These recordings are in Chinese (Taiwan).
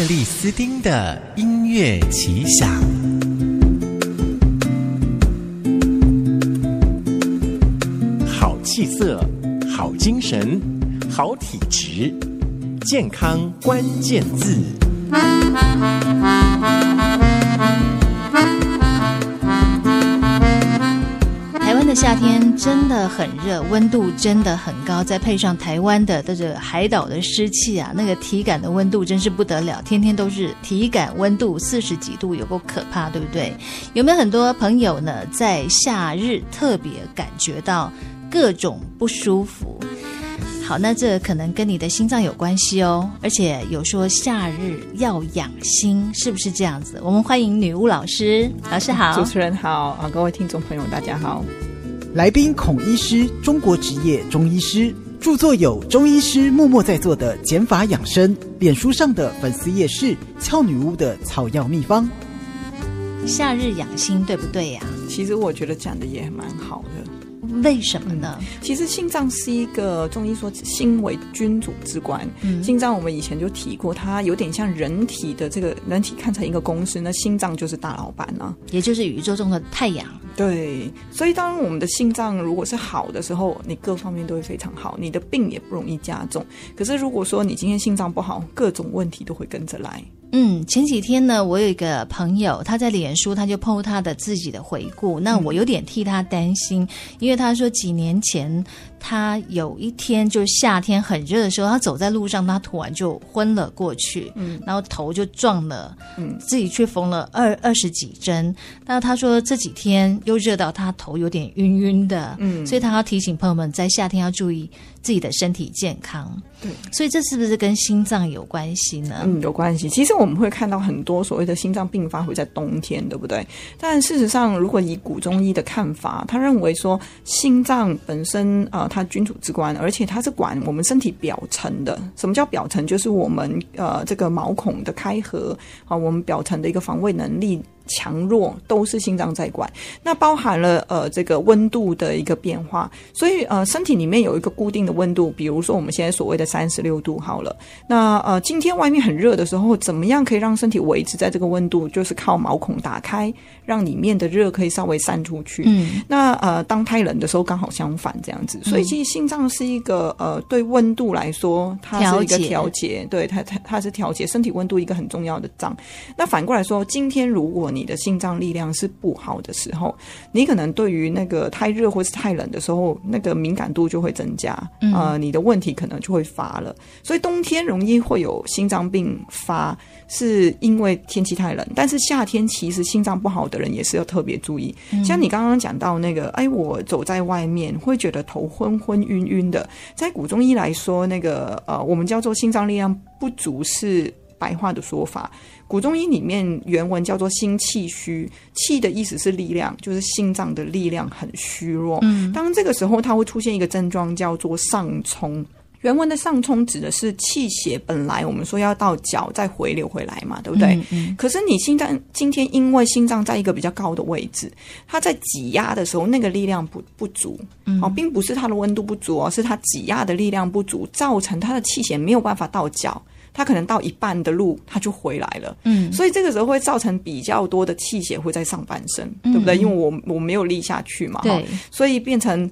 克里斯丁的音樂奇想，好氣色，好精神，好體質，健康關鍵字。夏天真的很熱，溫度真的很高，再配上台灣的這個海島的濕氣啊，那個體感的溫度真是不得了，天天都是體感溫度四十幾度，有夠可怕，對不對？有沒有很多朋友呢，在夏日特別感覺到各種不舒服？好，那這可能跟你的心臟有關係哦，而且有說夏日要養心，是不是這樣子？我們歡迎女巫老師，老師好。主持人好，啊，各位聽眾朋友大家好。來賓孔醫師，中國職業中醫師，著作有《中醫師默默在做的減法養生》，臉書上的粉絲頁是“俏女巫”的草藥祕方。夏日養心，對不對呀、啊？其實我覺得講的也蠻好的。為什麼呢？嗯、其實心臟是一個中醫說心為君主之官。心、嗯、臟我們以前就提過，它有點像人體的這個人體看成一個公司，那心臟就是大老板呢、啊，也就是宇宙中的太陽。對，所以當我們的心臟如果是好的時候，你各方面都會非常好，你的病也不容易加重。可是如果說你今天心臟不好，各種問題都會跟着來。嗯，前幾天呢，我有一個朋友，他在臉書，他就 PO 他的自己的回顧，那我有點替他擔心，嗯，因為他說幾年前。他有一天就是夏天很熱的時候，他走在路上，他突然就昏了過去，嗯，然後頭就撞了，嗯，自己卻縫了二二十幾針。那他說這幾天又熱到他頭有點暈暈的，嗯，所以他要提醒朋友們在夏天要注意自己的身體健康。對，所以這是不是跟心臟有關係呢？嗯，有關係。其實我們會看到很多所謂的心臟病發會在冬天，對不對？但事實上，如果以古中醫的看法，他認為說心臟本身啊。呃它君主之官，而且它是管我們身體表層的。什麼叫表層？就是我們呃這個毛孔的開合啊，我們表層的一個防衛能力。強弱都是心臟在管，那包含了呃這個溫度的一個變化，所以呃身體裡面有一個固定的溫度，比如說我們現在所謂的三十六度好了。那呃今天外面很熱的時候，怎麼樣可以讓身體維持在這個溫度？就是靠毛孔打開，讓裡面的熱可以稍微散出去。嗯，那呃當太冷的時候，剛好相反這樣子。所以其實心臟是一個呃對溫度來說，它是一個調節，調節，對它它它是調節身體溫度一個很重要的臟。那反過來說，今天如果你你的心臟力量是不好的時候，你可能對於那個太熱或是太冷的時候，那個敏感度就會增加，嗯、呃，你的問題可能就會發了。所以冬天容易會有心臟病發，是因為天氣太冷。但是夏天其實心臟不好的人也是要特別注意。嗯、像你剛剛講到那個，哎，我走在外面會覺得頭昏昏暈暈的，在古中醫來說，那個呃，我們叫做心臟力量不足是。白話的說法，古中醫裡面原文叫做“心氣虛”，氣的意思是力量，就是心臟的力量很虛弱。嗯，當這個時候，它會出現一個症狀叫做“上衝”。原文的“上衝”指的是氣血本來我們說要到腳再回流回來嘛，對不對？嗯嗯。可是你心臟今天因為心臟在一個比較高的位置，它在擠壓的時候，那個力量不不足。哦，並不是它的溫度不足，而是它擠壓的力量不足，造成它的氣血沒有辦法到腳。他可能到一半的路，他就回來了。嗯，所以這個時候會造成比較多的氣血會在上半身，嗯、對不對？因為我我沒有立下去嘛，對所以變成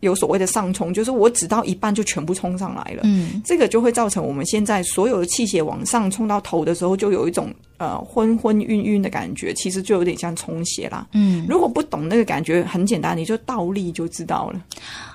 有所謂的上衝，就是我只到一半就全部衝上來了。嗯，這個就會造成我們現在所有的氣血往上衝到頭的時候，就有一種。呃，昏昏暈暈的感覺，其實就有點像充血啦。嗯，如果不懂那個感覺，很簡單，你就倒立就知道了。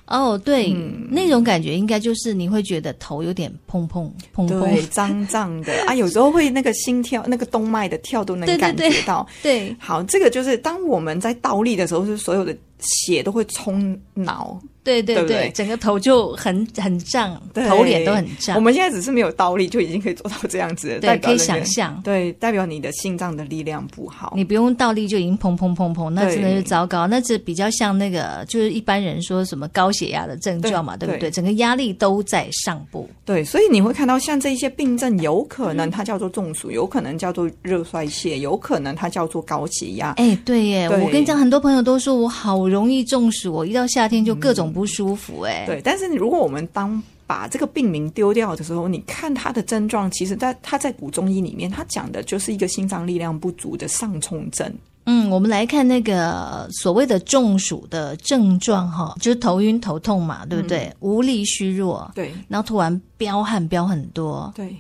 哦，對，嗯、那種感覺應該就是你會覺得頭有點砰砰砰砰脹脹的 啊，有時候會那個心跳、 那個動脈的跳都能感覺到。對,對,對，對，好，這個就是當我們在倒立的時候，是所有的血都會衝腦。對對對，整個頭就很很脹，頭臉都很脹。我們現在只是沒有倒立，就已經可以做到這樣子，對，可以想象。對，代表你的心臟的力量不好。你不用倒立就已經砰砰砰砰，那真的是糟糕。那只比較像那個，就是一般人說什麼高血壓的症狀嘛，對不對？整個壓力都在上部。對，所以你會看到像這些病症，有可能它叫做中暑，有可能叫做熱衰竭，有可能它叫做高血壓。哎，對耶，我跟你講，很多朋友都說我好容易中暑，我一到夏天就各種。不舒服哎、欸，對，但是如果我們當把這個病名丟掉的時候，你看他的症狀，其實在它他在古中醫裡面，他講的就是一個心臟力量不足的上衝症。嗯，我們來看那個所謂的中暑的症狀哈、哦，就是頭暈頭痛嘛，對不對？嗯、無力虛弱，對，然後突然飆汗飆很多，對，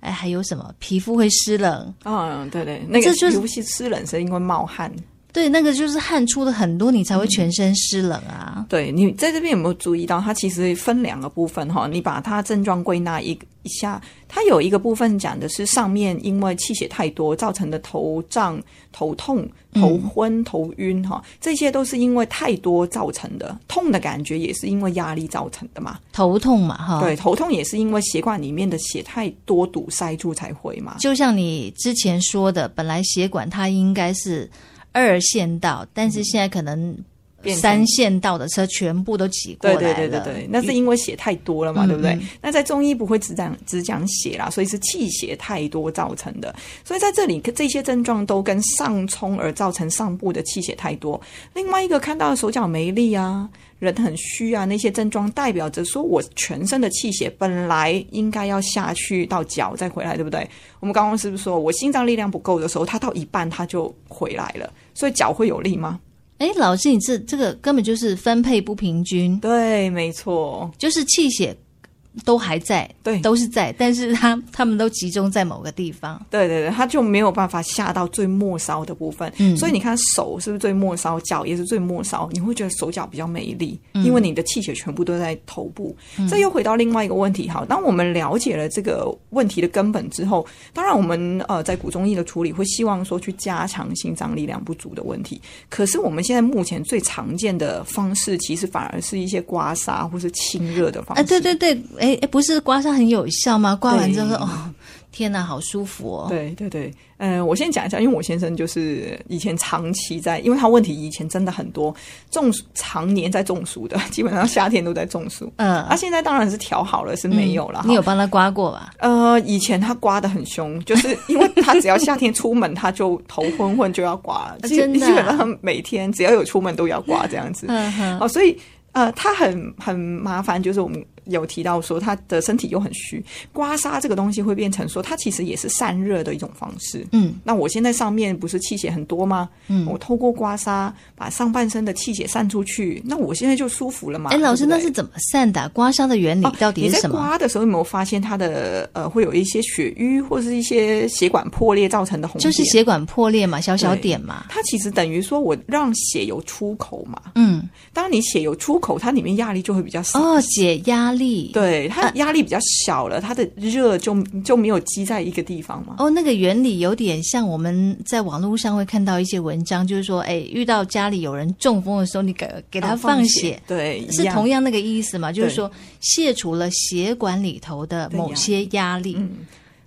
哎，還有什麼？皮膚會濕冷，嗯、哦，對對，那個、就是皮膚濕冷是因為冒汗。對，那個就是汗出了很多，你才會全身濕冷啊。嗯、對你在這邊有沒有注意到，它其實分兩個部分哈。你把它症狀歸納一一下，它有一個部分講的是上面因為氣血太多造成的頭脹、頭痛、頭昏、頭暈哈，嗯、這些都是因為太多造成的。痛的感覺也是因為壓力造成的嘛，頭痛嘛哈。對，頭痛也是因為血管裡面的血太多堵塞住才會嘛。就像你之前說的，本來血管它應該是。二線道，但是現在可能，變三線道的車全部都擠過來，對，對，對，對。於那是因為血太多了嘛？於對不對？那在中醫不會只講只講血啦，所以是氣血太多造成的。所以在這裡，這些症狀都跟上衝而造成上部的氣血太多。另外一個看到手腳沒力啊，人很虛啊，那些症狀代表着說我全身的氣血本來應該要下去到腳再回來，對不對？我們剛剛是不是說我心臟力量不夠的時候，它到一半它就回來了，所以腳會有力嗎？哎，老師，你這這個根本就是分配不平均，對，沒錯，就是氣血。都還在，對，都是在，但是他他們都集中在某個地方，對對對，他就沒有辦法下到最末梢的部分，嗯，所以你看手是不是最末梢，腳也是最末梢，你會覺得手腳比較美麗，嗯，因為你的氣血全部都在頭部，嗯，這又回到另外一個問題哈。當我們了解了這個問題的根本之後，當然我們呃在古中醫的處理會希望說去加強心臟力量不足的問題，可是我們現在目前最常見的方式，其實反而是一些刮痧或是清熱的方式，啊，對對對。哎哎，不是刮痧很有效嗎？刮完之後，對哦，天哪，好舒服哦！對對對，嗯、呃，我先講一下，因為我先生就是以前長期在，因為他問題以前真的很多，中暑常年在中暑的，基本上夏天都在中暑。嗯、呃，那、啊、現在當然是調好了，是沒有了。嗯、好你有幫他刮過吧？呃，以前他刮得很凶，就是因為他只要夏天出門， 他就頭昏昏就要刮，而且、啊啊、基本上每天只要有出門都要刮這樣子。嗯哼，哦，所以呃，他很很麻煩，就是我們。有提到說他的身體又很虛，刮痧這個東西會變成說，它其實也是散熱的一種方式。嗯，那我現在上面不是氣血很多嗎？嗯，我透過刮痧把上半身的氣血散出去，那我現在就舒服了嘛。哎，老師，對對那是怎麼散的？刮痧的原理到底是什麼？哦，你在刮的時候有沒有發現它的呃會有一些血瘀或是一些血管破裂造成的紅點？就是血管破裂嘛，小小點嘛。它其實等於說我讓血有出口嘛。嗯，當你血有出口，它裡面壓力就會比較少，哦，血壓。壓力，對，它壓力比較小了，啊、它的熱就就沒有積在一個地方嘛。哦，那個原理有點像我們在網絡上會看到一些文章，就是說，哎，遇到家裡有人中風的時候，你給給他放血，啊、放血對，是同樣，一樣那個意思嘛？就是說，對卸除了血管裡頭的某些壓力。啊嗯、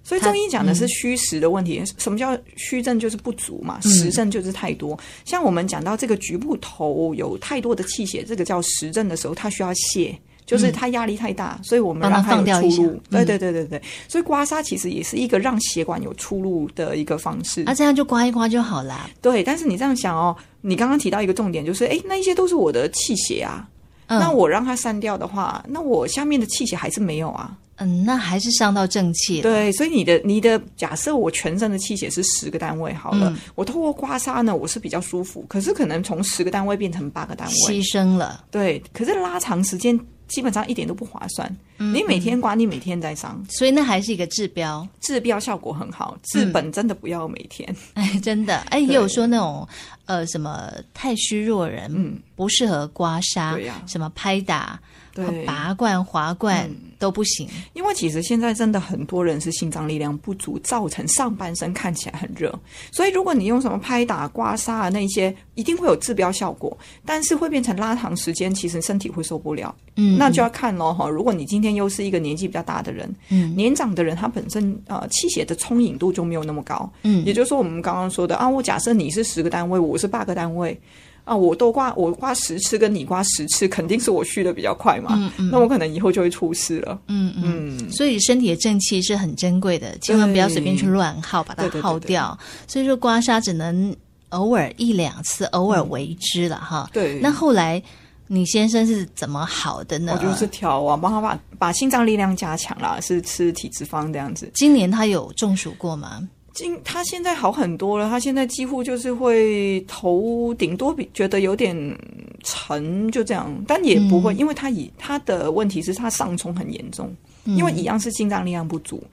所以中醫講的是虛實的問題。嗯、什麼叫虛症？就是不足嘛。實症就是太多。嗯、像我們講到這個局部頭有太多的氣血，這個叫實症的時候，它需要泄。就是他壓力太大，嗯、所以我們讓他有出路。對、嗯、對對對對，所以刮痧其實也是一個讓血管有出路的一個方式。那、啊、這樣就刮一刮就好啦、啊。對，但是你這樣想哦，你剛剛提到一個重點，就是誒、欸，那一些都是我的氣血啊。嗯、那我讓它刪掉的話，那我下面的氣血還是沒有啊？嗯，那還是傷到正氣。對，所以你的你的假設，我全身的氣血是十個單位好了，嗯、我透過刮痧呢，我是比較舒服，可是可能從十個單位變成八個單位，犧牲了。對，可是拉長時間，基本上一點都不划算，嗯、你每天刮，嗯、你每天在傷，所以那還是一個治標，治標效果很好，治本真的不要每天，嗯哎、真的，哎，對也有說那種。呃，什麼太虛弱人，嗯、不適合刮痧，對啊，什麼拍打、對拔罐、滑罐、嗯、都不行。因為其實現在真的很多人是心臟力量不足，造成上半身看起來很熱。所以如果你用什麼拍打、刮痧啊那些，一定會有治標效果，但是會變成拉長時間，其實身體會受不了。嗯，那就要看嘍哈。如果你今天又是一個年紀比較大的人，嗯，年長的人他本身呃氣血的充盈度就沒有那麼高，嗯，也就是說我們剛剛說的啊，我假設你是十個單位我。不是八個單位啊！我都刮，我刮十次，跟你刮十次，肯定是我虛的比較快嘛。嗯嗯、那我可能以後就會出事了。嗯嗯。嗯嗯所以身體的正氣是很珍貴的，對千萬不要隨便去亂耗，把它耗掉。對對對對所以說刮痧只能偶爾一兩次，偶爾為之了、嗯、哈。對。那後來你先生是怎麼好的呢？我就是調啊，幫他把把心臟力量加強了，是吃體脂肪這樣子。今年他有中暑過嗎？他現在好很多了，他現在幾乎就是會頭，頂多比覺得有點沉，就這樣，但也不會，嗯、因為他以他的問題是，他上衝很嚴重，嗯、因為一樣是心臟力量不足。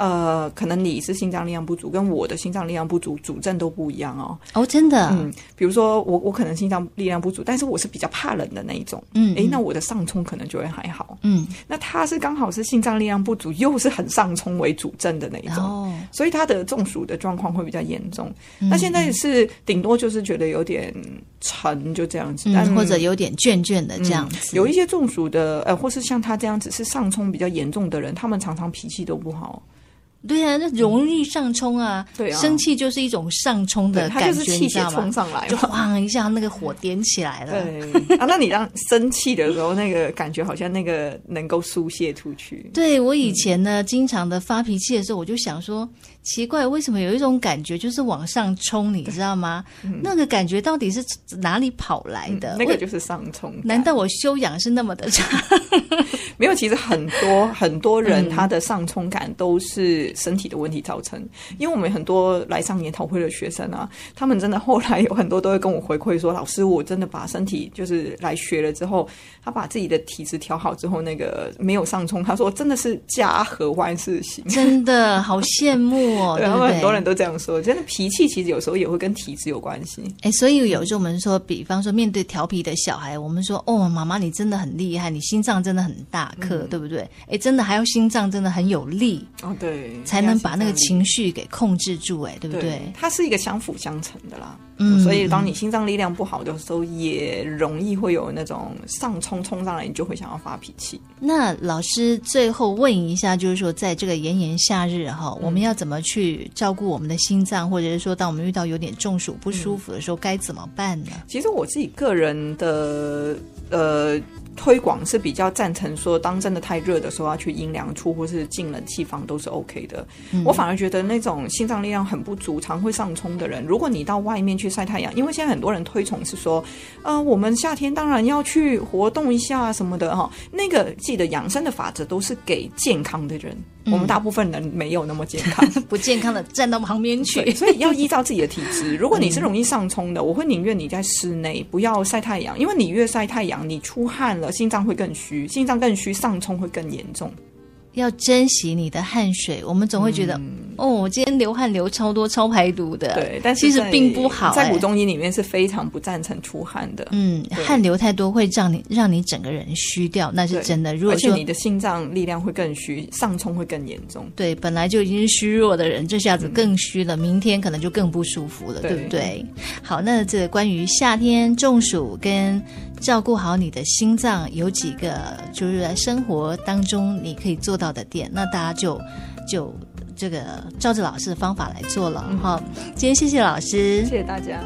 呃，可能你是心臟力量不足，跟我的心臟力量不足主症都不一樣哦。哦，真的？嗯，比如說我我可能心臟力量不足，但是我是比較怕冷的那一種。嗯，誒，那我的上衝可能就會還好。嗯，那他是剛好是心臟力量不足，又是很上衝為主症的那一種，哦、所以他的中暑的狀況會比較嚴重。嗯、那現在是頂多就是覺得有點沉，就這樣子，嗯、但或者有點倦倦的這樣子，嗯。有一些中暑的，呃，或是像他這樣子是上衝比較嚴重的人，他們常常脾氣都不好。對啊，那容易上衝啊！生、嗯啊、氣就是一種上衝的感覺，你知道嗎？就晃一下，那個火點起來了。對 啊，那你讓生氣的時候，那個感覺好像那個能夠疏泄出去。對我以前呢，嗯、經常的發脾氣的時候，我就想說。奇怪，為什麼有一種感覺就是往上衝？你知道嗎？嗯、那個感覺到底是哪裡跑來的？嗯、那個就是上衝。難道我修養是那麼的差？ 沒有，其實很多很多人他的上衝感都是身體的問題造成。嗯、因為我們很多來上研討會的學生啊，他們真的後來有很多都會跟我回饋說：“ 老師，我真的把身體就是來學了之後，他把自己的體質調好之後，那個沒有上衝。”他說：“我真的是家和萬事興。”真的好羨慕。 對，對對對很多人都這樣說。真的，脾氣其實有時候也會跟體質有關係。哎、欸，所以有時候我們說，嗯、比方說面對調皮的小孩，我們說，哦，媽媽你真的很厲害，你心臟真的很大顆，嗯、對不對？哎、欸，真的還要心臟真的很有力哦，對，才能把那個情緒給控制住、欸，哎，對不對，對？它是一個相輔相成的啦。 所以當你心臟力量不好的時候，也容易會有那種上衝衝上來，你就會想要發脾氣。那老師最後問一下，就是說，在這個炎炎夏日哈，我們要怎麼去照顧我們的心臟，或者是說，當我們遇到有點中暑不舒服的時候，該怎麼辦呢？嗯，嗯，其實我自己個人的，呃。推廣是比較贊成說，當真的太熱的時候，要去陰涼處或是進冷氣房都是 OK 的。嗯。我反而覺得那種心臟力量很不足，常會上衝的人，如果你到外面去曬太陽，因為現在很多人推崇是說，呃，我們夏天當然要去活動一下什麼的哈。那個記得養生的法則都是給健康的人。我們大部分人沒有那麼健康，嗯、 不健康的站到旁邊去，所以要依照自己的體質。如果你是容易上衝的，我會寧願你在室內不要曬太陽，因為你越曬太陽，你出汗了，心臟會更虛，心臟更虛，上衝會更嚴重。要珍惜你的汗水，我們總會覺得，嗯、哦，我今天流汗流超多，超排毒的。對，但是其實並不好、欸，在古中醫裡面是非常不贊成出汗的。嗯，對汗流太多會讓你讓你整個人虛掉，那是真的。對如果而且你的心臟力量會更虛，上衝會更嚴重。對，本來就已經是虛弱的人，這下子更虛了，嗯、明天可能就更不舒服了，對,對不對？好，那這關於夏天中暑跟。照顧好你的心臟有幾個，就是在生活當中你可以做到的點，那大家就就這個照着老師的方法來做了，嗯、好，今天謝謝老師，謝謝大家。